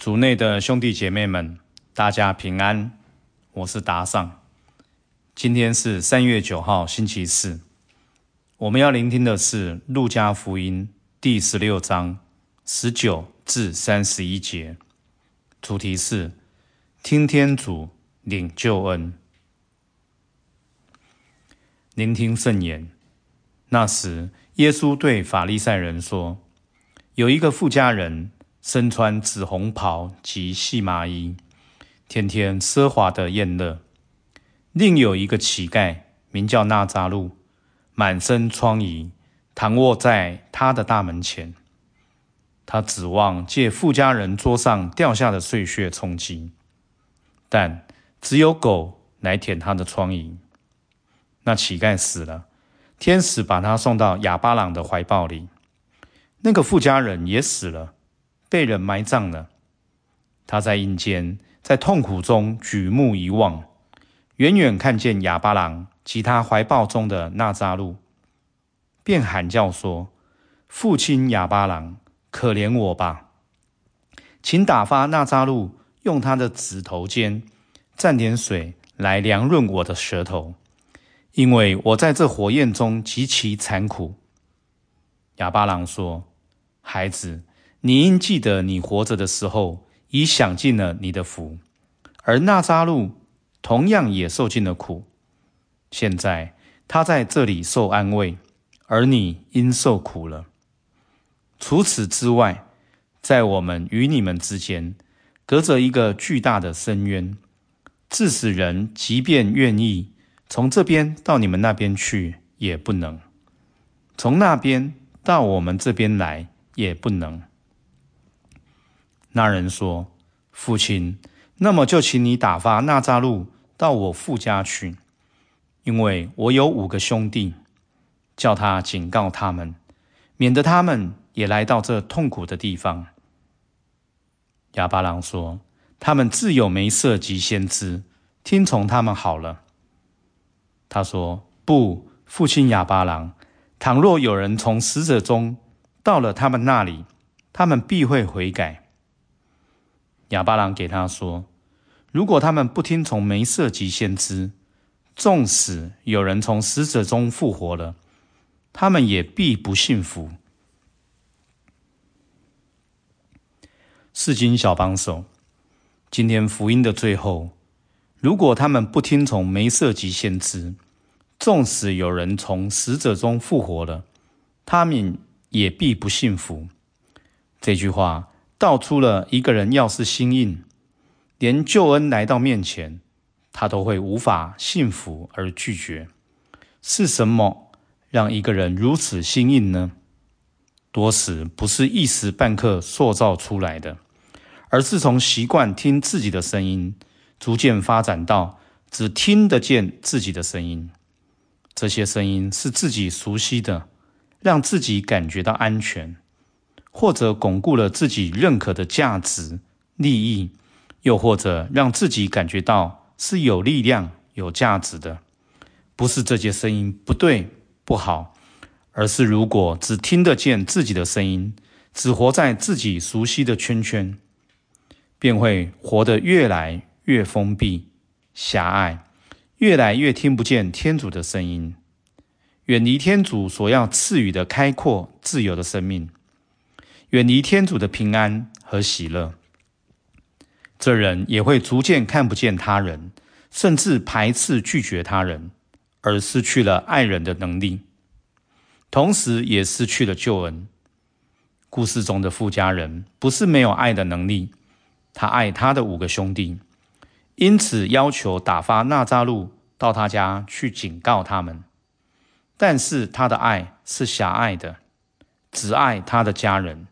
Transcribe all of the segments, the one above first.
主內的兄弟姐妹們，大家平安，我是達尚。今天是三月九號，星期四。我們要聆聽的是《路加福音》第十六章十九至三十一節，主題是“聽天主領救恩”。聆聽聖言。那時，耶穌對法利賽人說：“有一個富家人。”身穿紫紅袍及細麻衣，天天奢華的宴樂。另有一個乞丐，名叫納扎路，滿身瘡痍，躺臥在他的大門前。他指望借富家人桌上掉下的碎屑充飢，但只有狗來舔他的瘡痍。那乞丐死了，天使把他送到亞巴郎的懷抱裡。那個富家人也死了。被人埋葬了。他在陰間，在痛苦中舉目一望，遠遠看見亞巴郎及他懷抱中的拉匝祿，便喊叫說：“父親，亞巴郎，可憐我吧，請打發拉匝祿用他的指頭尖蘸點水來涼潤我的舌頭，因為我在這火焰中極其慘苦。”亞巴郎說：“孩子。”你應記得，你活着的時候已享盡了你的福，而拉匝祿同樣也受盡了苦。現在他在這裡受安慰，而你應受苦了。除此之外，在我們與你們之間隔着一個巨大的深淵，致使人即便願意從這邊到你們那邊去，也不能；從那邊到我們這邊來，也不能。那人說：“父親，那麼就請你打發拉匝祿到我父家去，因為我有五個兄弟，叫他警告他們，免得他們也來到這痛苦的地方。”亞巴郎說：“他們自有梅瑟及先知，聽從他們好了。”他說：“不，父親，亞巴郎，倘若有人從死者中到了他們那裡，他們必會悔改。”亞巴郎給他說：“如果他們不聽從梅瑟及先知，縱使有人從死者中復活了，他們也必不幸福。”聖經小幫手，今天福音的最後：“如果他們不聽從梅瑟及先知，縱使有人從死者中復活了，他們也必不幸福。”這句話。道出了一個人要是心硬，連救恩來到面前，他都會無法信服而拒絕。是什麼讓一個人如此心硬呢？多時不是一時半刻塑造出來的，而是從習慣聽自己的聲音，逐漸發展到只聽得見自己的聲音。這些聲音是自己熟悉的，讓自己感覺到安全。或者鞏固了自己認可的價值、利益，又或者讓自己感覺到是有力量、有價值的，不是這些聲音不對、不好，而是如果只聽得見自己的聲音，只活在自己熟悉的圈圈，便會活得越來越封閉、狹隘，越來越聽不見天主的聲音，遠離天主所要賜予的開闊、自由的生命。遠離天主的平安和喜樂，這人也會逐漸看不見他人，甚至排斥拒絕他人，而失去了愛人的能力，同時也失去了救恩。故事中的富家人不是沒有愛的能力，他愛他的五個兄弟，因此要求打發拉匝祿到他家去警告他們，但是他的愛是狹隘的，只愛他的家人。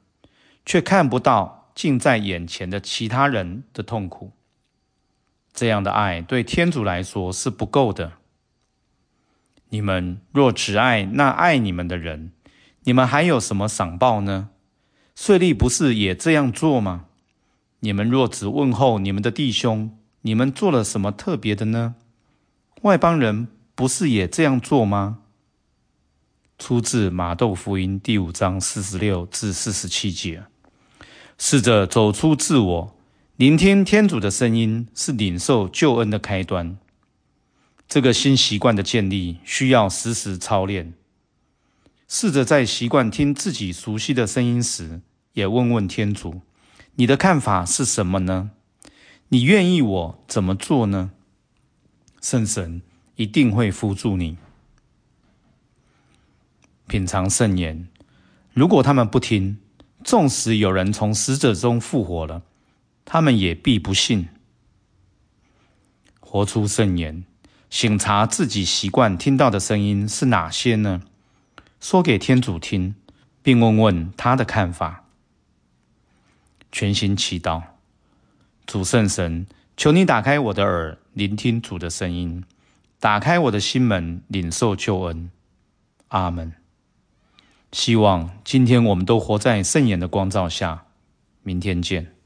卻看不到近在眼前的其他人的痛苦，這樣的愛對天主來說是不夠的。你們若只愛那愛你們的人，你們還有什麼賞報呢？稅吏不是也這樣做嗎？你們若只問候你們的弟兄，你們做了什麼特別的呢？外邦人不是也這樣做嗎？出自馬竇福音第五章四十六至四十七節。試着走出自我，聆聽天主的聲音是領受救恩的開端。這個新習慣的建立需要時時操練。試着在習慣聽自己熟悉的聲音時，也問問天主：“你的看法是什麼呢？你願意我怎麼做呢？”聖神一定會扶助你。品嘗聖言，如果他們不聽，縱使有人從死者中復活了，他們也必不信。活出聖言，省察自己習慣聽到的聲音是哪些呢？說給天主聽，並問問他的看法。全心祈禱，主聖神，求你打開我的耳，聆聽主的聲音；打開我的心門，領受救恩。阿門。希望今天我們都活在聖言的光照下，明天見。